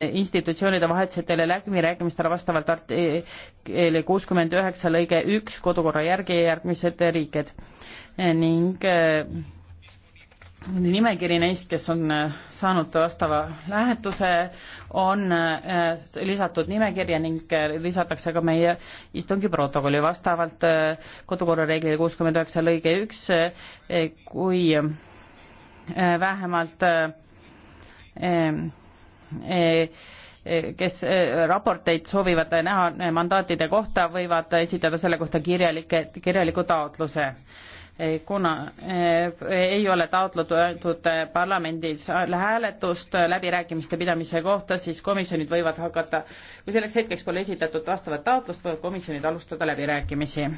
institutsioonide vahetsetele läbirääkimistele vastavalt artikli kuuskümmend üheksa lõige üks kodukorra järgi järgmised riiked ning äh, nimekiri neist, kes on äh, saanud vastava lähetuse, on äh, lisatud nimekirja ning lisatakse ka meie istungi protokolli vastavalt kodukorra reeglile kuuskümmend üheksa lõige üks, kui vähemalt E, e, kes e, raporteid soovivad näha mandaatide kohta, võivad esitada selle kohta kirjalike, kirjaliku taotluse. kuna ei ole taotletud parlamendis hääletust läbirääkimiste pidamise kohta, siis komisjonid võivad hakata, kui selleks hetkeks pole esitatud vastavat taotlust, võivad komisjonid alustada läbirääkimisi.